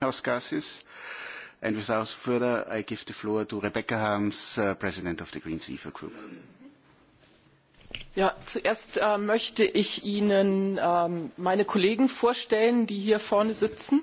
greenhouse gases. And without further, I give the floor to Rebecca Harms, uh, President of the Green Sea Group. Ja, zuerst äh, möchte ich Ihnen ähm, meine Kollegen vorstellen, die hier vorne sitzen.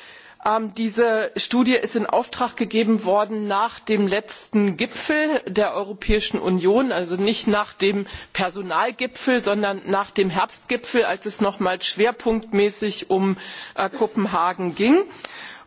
Ähm, diese studie ist in auftrag gegeben worden nach dem letzten gipfel der europäischen union also nicht nach dem personalgipfel sondern nach dem herbstgipfel als es nochmals schwerpunktmäßig um äh, kopenhagen ging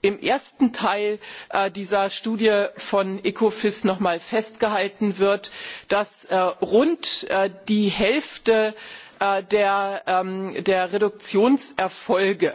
im ersten teil äh, dieser studie von ecofin noch einmal festgehalten wird dass äh, rund äh, die hälfte ähm, der reduktionserfolge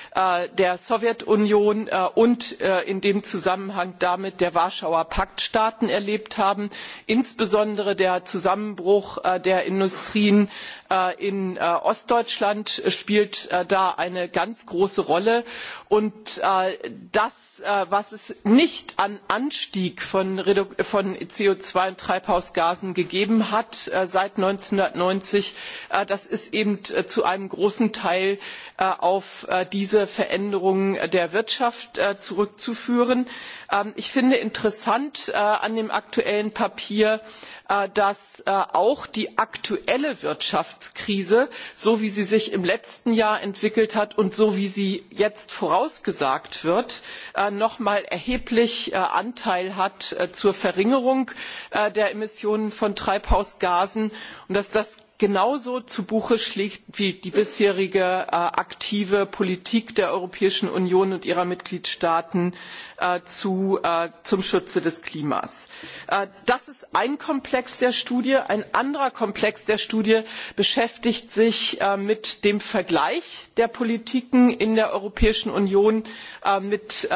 Äh, der sowjetunion äh, und äh, in dem zusammenhang damit der warschauer pakt staaten erlebt haben insbesondere der zusammenbruch der industrien in ostdeutschland spielt da eine ganz große rolle und das was es nicht an anstieg von co zwei und treibhausgasen gegeben hat seit eintausendneunhundertneunzig das ist eben zu einem großen teil auf diese veränderungen der wirtschaft äh, zurückzuführen. Ähm, ich finde interessant äh, an dem aktuellen papier äh, dass auch die aktuelle wirtschaftskrise so wie sie sich im letzten jahr entwickelt hat und so wie sie jetzt vorausgesagt wird noch einmal erheblichen anteil hat zur verringerung der emissionen von treibhausgasen und dass das genauso zu buche schlägt wie die bisherige äh, aktive politik der europäischen union und ihrer mitgliedstaaten äh, äh, zum schutz des klimas. das ist ein komplex der studie. ein anderer komplex der studie beschäftigt sich mit dem vergleich der politiken in der europäischen union ähm, mit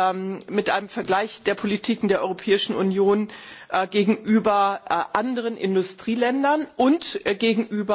einem vergleich der politiken der europäischen union gegenüber anderen industrieländern und gegenüber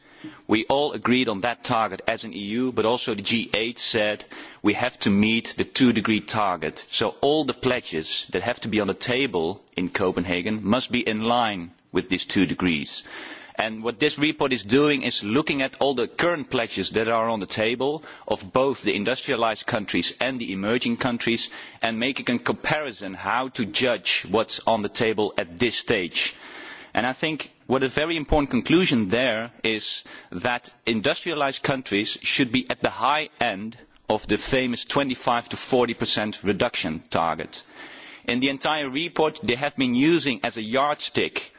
we all agreed on that target as an EU, but also the G8 said we have to meet the two degree target. So all the pledges that have to be on the table in Copenhagen must be in line with these two degrees. And what this report is doing is looking at all the current pledges that are on the table of both the industrialized countries and the emerging countries and making a comparison how to judge what's on the table at this stage i think a very important conclusion there is that industrialised countries should be at the high end of the famous twenty five to forty reduction target. in the entire report they have been using as a yardstick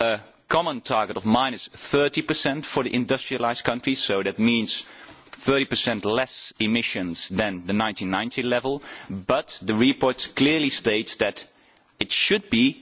a common target of minus thirty for the industrialised countries so that means thirty less emissions than the one thousand nine hundred and ninety level but the report clearly states that it should be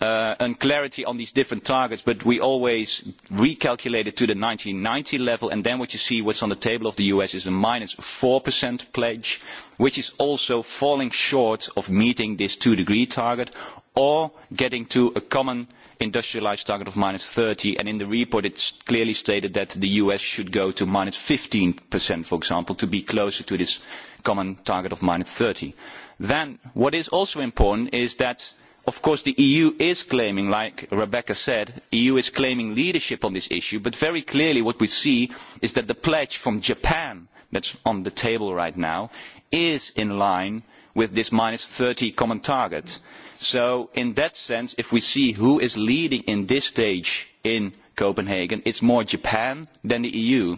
uh, and clarity on these different targets, but we always recalculate it to the 1990 level, and then what you see what's on the table of the US is a minus 4% pledge, which is also falling short of meeting this two-degree target, or getting to a common industrialized target of minus 30, and in the report it's clearly stated that the US should go to minus 15%, for example, to be closer to this common target of minus 30. Then, what is also important is that of course the EU is claiming, like Rebecca said, EU is claiming leadership on this issue, but very clearly what we see is that the pledge from Japan that's on the table right now is in line with this minus 30 common target. So in that sense, if we see who is leading in this stage in Copenhagen, it's more Japan than the EU.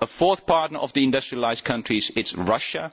A fourth partner of the industrialized countries, it's Russia,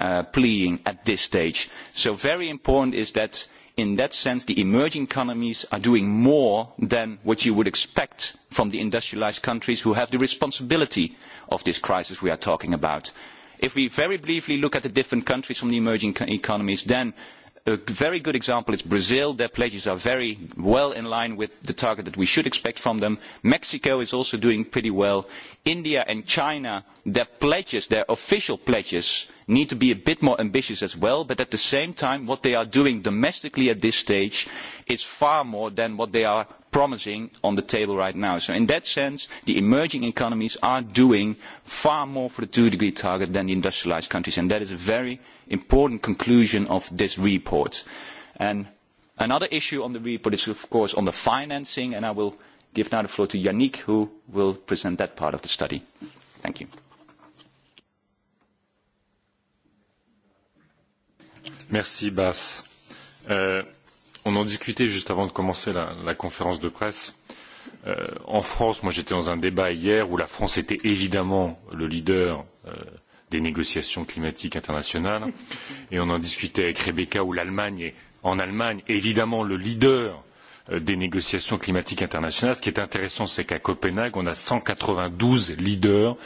Uh, pleading at this stage. So very important is that in that sense the emerging economies are doing more than what you would expect from the industrialized countries who have the responsibility of this crisis we are talking about. If we very briefly look at the different countries from the emerging economies, then a very good example is Brazil. Their pledges are very well in line with the target that we should expect from them. Mexico is also doing pretty well. India and China, their pledges, their official pledges, uh, need to be a bit more ambitious as well but at the same time what they are doing domestically at this stage is far more than what they are promising on the table right now. So in that sense, the emerging economies are doing far more for the two-degree target than the industrialized countries, and that is a very important conclusion of this report. And another issue on the report is, of course, on the financing, and I will give now the floor to Yannick, who will present that part of the study. Thank you. Merci Bas. Euh, on en discutait juste avant de commencer la, la conférence de presse. Euh, en France, moi j'étais dans un débat hier où la France était évidemment le leader euh, des négociations climatiques internationales et on en discutait avec Rebecca où l'Allemagne est en Allemagne évidemment le leader euh, des négociations climatiques internationales. Ce qui est intéressant, c'est qu'à Copenhague, on a 192 leaders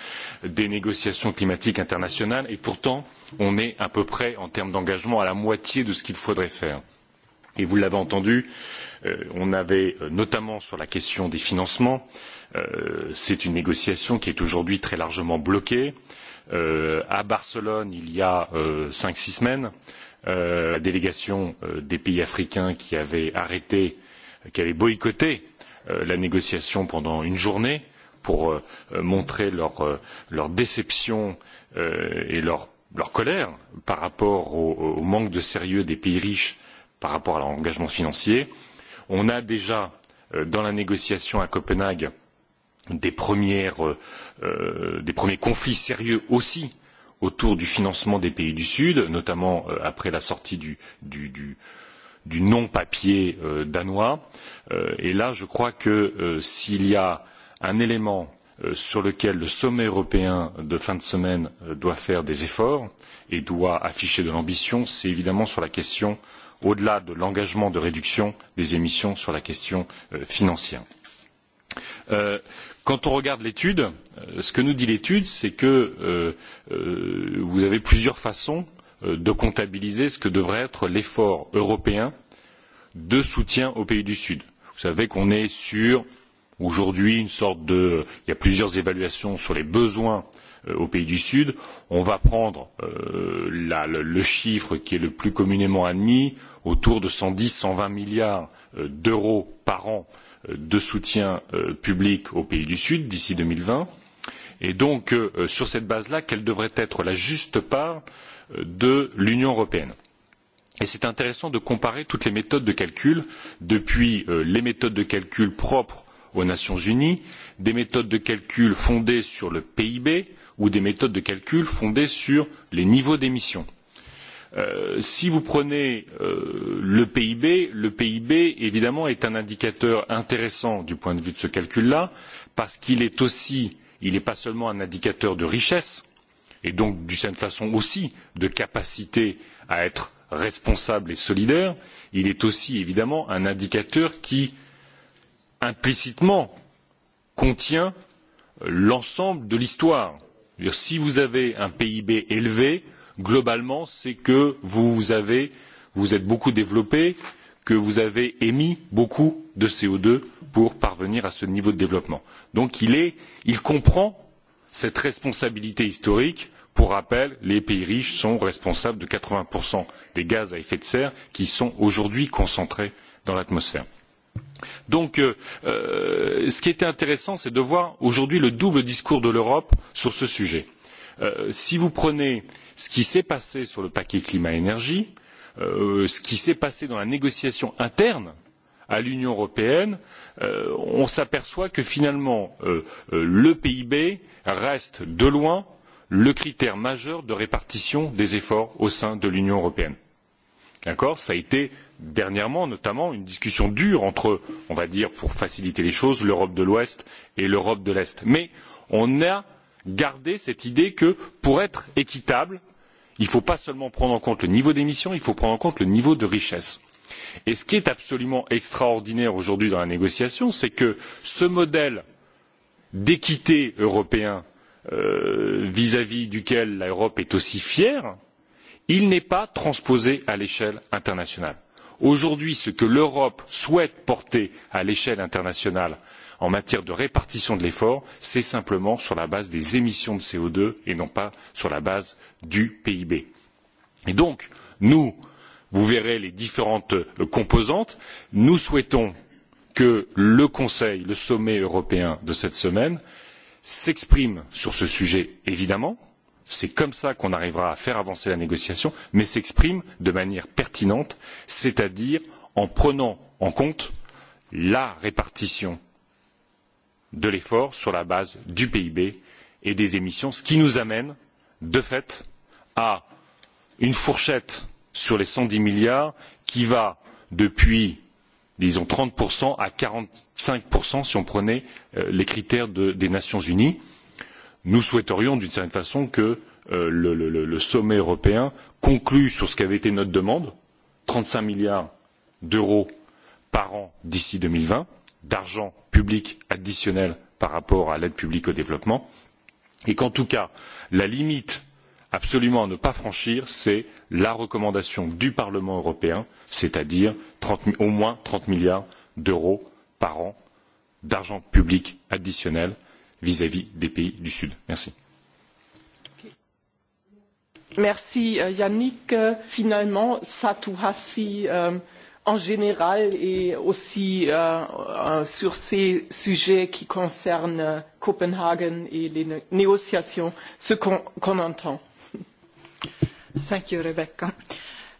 des négociations climatiques internationales et pourtant, on est à peu près, en termes d'engagement, à la moitié de ce qu'il faudrait faire. Et vous l'avez entendu, euh, on avait euh, notamment sur la question des financements, euh, c'est une négociation qui est aujourd'hui très largement bloquée. Euh, à Barcelone, il y a euh, cinq, six semaines, euh, la délégation euh, des pays africains qui avait arrêté euh, qui avaient boycotté euh, la négociation pendant une journée pour euh, euh, montrer leur, euh, leur déception euh, et leur, leur colère par rapport au, au manque de sérieux des pays riches par rapport à leur engagement financier. On a déjà euh, dans la négociation à Copenhague des, premières, euh, euh des premiers conflits sérieux aussi autour du financement des pays du Sud, notamment euh, après la sortie du, du, du, euh, du non papier euh, danois. Euh, et là, je crois que euh, s'il y a un élément euh, sur lequel le sommet européen de fin de semaine euh, doit faire des efforts et doit afficher de l'ambition, c'est évidemment sur la question, au delà de l'engagement de réduction des émissions, sur la question euh, financière. Euh, quand on regarde l'étude, ce que nous dit l'étude, c'est que euh, euh, vous avez plusieurs façons euh, de comptabiliser ce que devrait être l'effort européen de soutien aux pays du Sud. Vous savez qu'on est sur aujourd'hui une sorte de il y a plusieurs évaluations sur les besoins euh, aux pays du Sud. On va prendre euh, la, le, le chiffre qui est le plus communément admis autour de 110 120 milliards euh, d'euros par an euh, de soutien euh, public aux pays du Sud d'ici 2020. Et donc euh, sur cette base-là, quelle devrait être la juste part euh, de l'Union européenne. Et c'est intéressant de comparer toutes les méthodes de calcul, depuis euh, les méthodes de calcul propres aux Nations unies, des méthodes de calcul fondées sur le PIB ou des méthodes de calcul fondées sur les niveaux d'émissions. Euh, si vous prenez euh, le PIB, le PIB évidemment est un indicateur intéressant du point de vue de ce calcul-là, parce qu'il est aussi, il n'est pas seulement un indicateur de richesse, et donc d'une certaine façon aussi de capacité à être responsable et solidaire il est aussi évidemment un indicateur qui implicitement contient l'ensemble de l'histoire. Si vous avez un PIB élevé, globalement, c'est que vous, avez, vous êtes beaucoup développé, que vous avez émis beaucoup de CO2 pour parvenir à ce niveau de développement. Donc il, est, il comprend cette responsabilité historique. pour rappel les pays riches sont responsables de quatre vingts des gaz à effet de serre qui sont aujourd'hui concentrés dans l'atmosphère. donc euh, euh, ce qui était intéressant c'est de voir aujourd'hui le double discours de l'europe sur ce sujet. Euh, si vous prenez ce qui s'est passé sur le paquet climat énergie ce qui s'est passé dans la négociation interne à l'union européenne euh, on s'aperçoit que finalement euh, euh, le pib reste de loin le critère majeur de répartition des efforts au sein de l'union européenne. cela a été dernièrement notamment une discussion dure entre on va dire pour faciliter les choses l'europe de l'ouest et l'europe de l'est mais on a gardé cette idée que pour être équitable il ne faut pas seulement prendre en compte le niveau d'émissions il faut prendre en compte le niveau de richesse et ce qui est absolument extraordinaire aujourd'hui dans la négociation c'est que ce modèle d'équité européen vis à vis duquel l'europe est aussi fière il n'est pas transposé à l'échelle internationale. aujourd'hui ce que l'europe souhaite porter à l'échelle internationale en matière de répartition de l'effort c'est simplement sur la base des émissions de co deux et non pas sur la base du pib. et donc nous vous verrez les différentes composantes. nous souhaitons que le conseil le sommet européen de cette semaine s'exprime sur ce sujet évidemment c'est comme cela qu'on arrivera à faire avancer la négociation mais s'exprime de manière pertinente c'est à dire en prenant en compte la répartition de l'effort sur la base du pib et des émissions ce qui nous amène de fait à une fourchette sur les cent dix milliards qui va depuis disons trente à quarante cinq si on prenait euh, les critères de, des nations unies nous souhaiterions d'une certaine façon que euh, le, le, le sommet européen conclue sur ce qu'avait été notre demande trente cinq milliards d'euros par an d'ici deux mille vingt d'argent public additionnel par rapport à l'aide publique au développement et qu'en tout cas la limite absolument à ne pas franchir c'est la recommandation du parlement européen c'est à dire au moins trente milliards d'euros par an d'argent public additionnel vis à vis des pays du sud. merci. Merci euh, Yannick. Euh, finalement, Satouhassi euh, en général et aussi euh, euh, sur ces sujets qui concernent euh, Copenhague et les né négociations, ce qu'on qu entend. Euh, Thank you, Rebecca.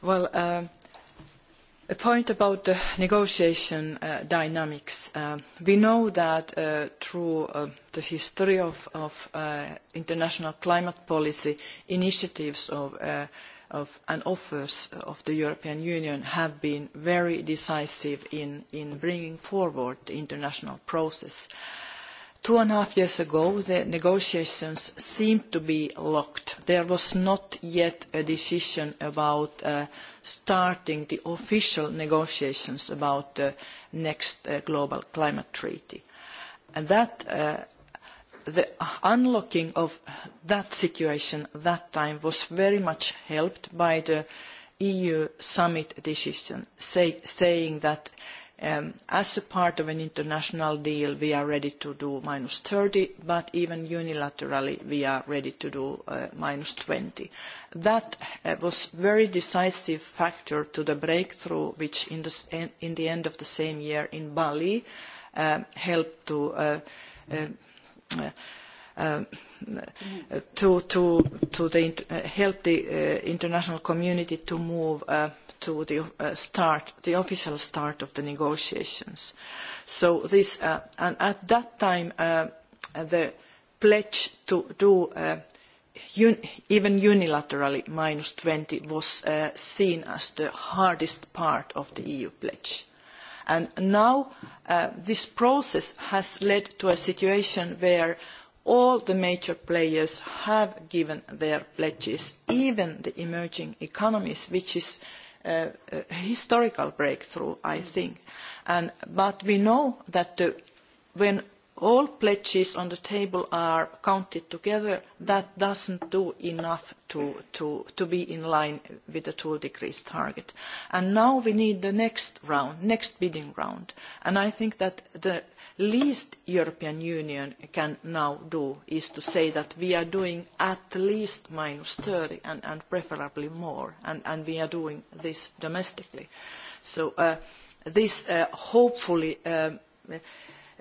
Well, uh, a point about the negotiation uh, dynamics. Uh, we know that uh, through uh, the history of, of uh, international climate policy, initiatives of, uh, of and offers of the European Union have been very decisive in, in bringing forward the international process. Uh, two and a half years ago the negotiations seemed to be locked. there was not yet a decision about uh, starting the official negotiations about the next uh, global climate treaty. And that, uh, the unlocking of that situation at that time was very much helped by the eu summit decision say, saying that Um, as a part of an international deal, we are ready to do -30, but even unilaterally, we are ready to do -20. Uh, That uh, was very decisive factor to the breakthrough, which in the end of the same year in Bali, um, helped to help the uh, international community to move to the uh, start, the official start of the negotiations. So this, uh, and at that time, uh, the pledge to do uh, un even unilaterally minus 20 was uh, seen as the hardest part of the EU pledge. And now uh, this process has led to a situation where all the major players have given their pledges, even the emerging economies, which is a historical breakthrough i think but we know that uh, when all pledges on the table are counted together, that doesn't do enough to, to, to be in line with the two degrees target. And now we need the next round, next bidding round. And I think that the least European Union can now do is to say that we are doing at least minus 30 and, and preferably more, and, and we are doing this domestically. So uh, this uh, hopefully... Uh,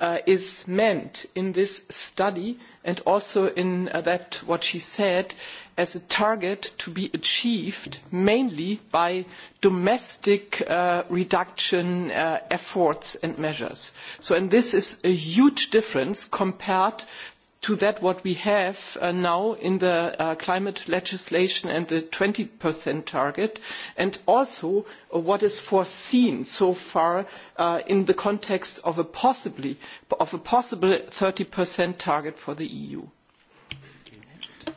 uh, is meant in this study and also in uh, that what she said as a target to be achieved mainly by domestic uh, reduction uh, efforts and measures. So and this is a huge difference compared to that what we have uh, now in the uh, climate legislation and the 20% target, and also uh, what is foreseen so far uh, in the context of a, possibly, of a possible 30% target for the EU.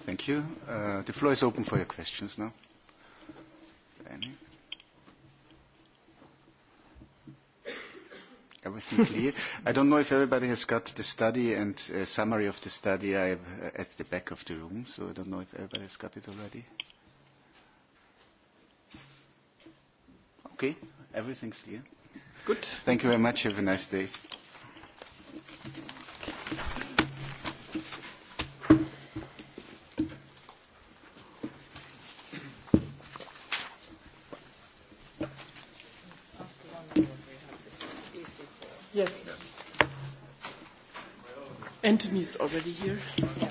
Thank you. Uh, the floor is open for your questions now. Any? everything clear? I don't know if everybody has got the study and a uh, summary of the study I have uh, at the back of the room, so I don't know if everybody has got it already. Okay, everything's clear. Good. Thank you very much. Have a nice day. Yes. Anthony is already here.